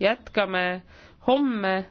jätkame homme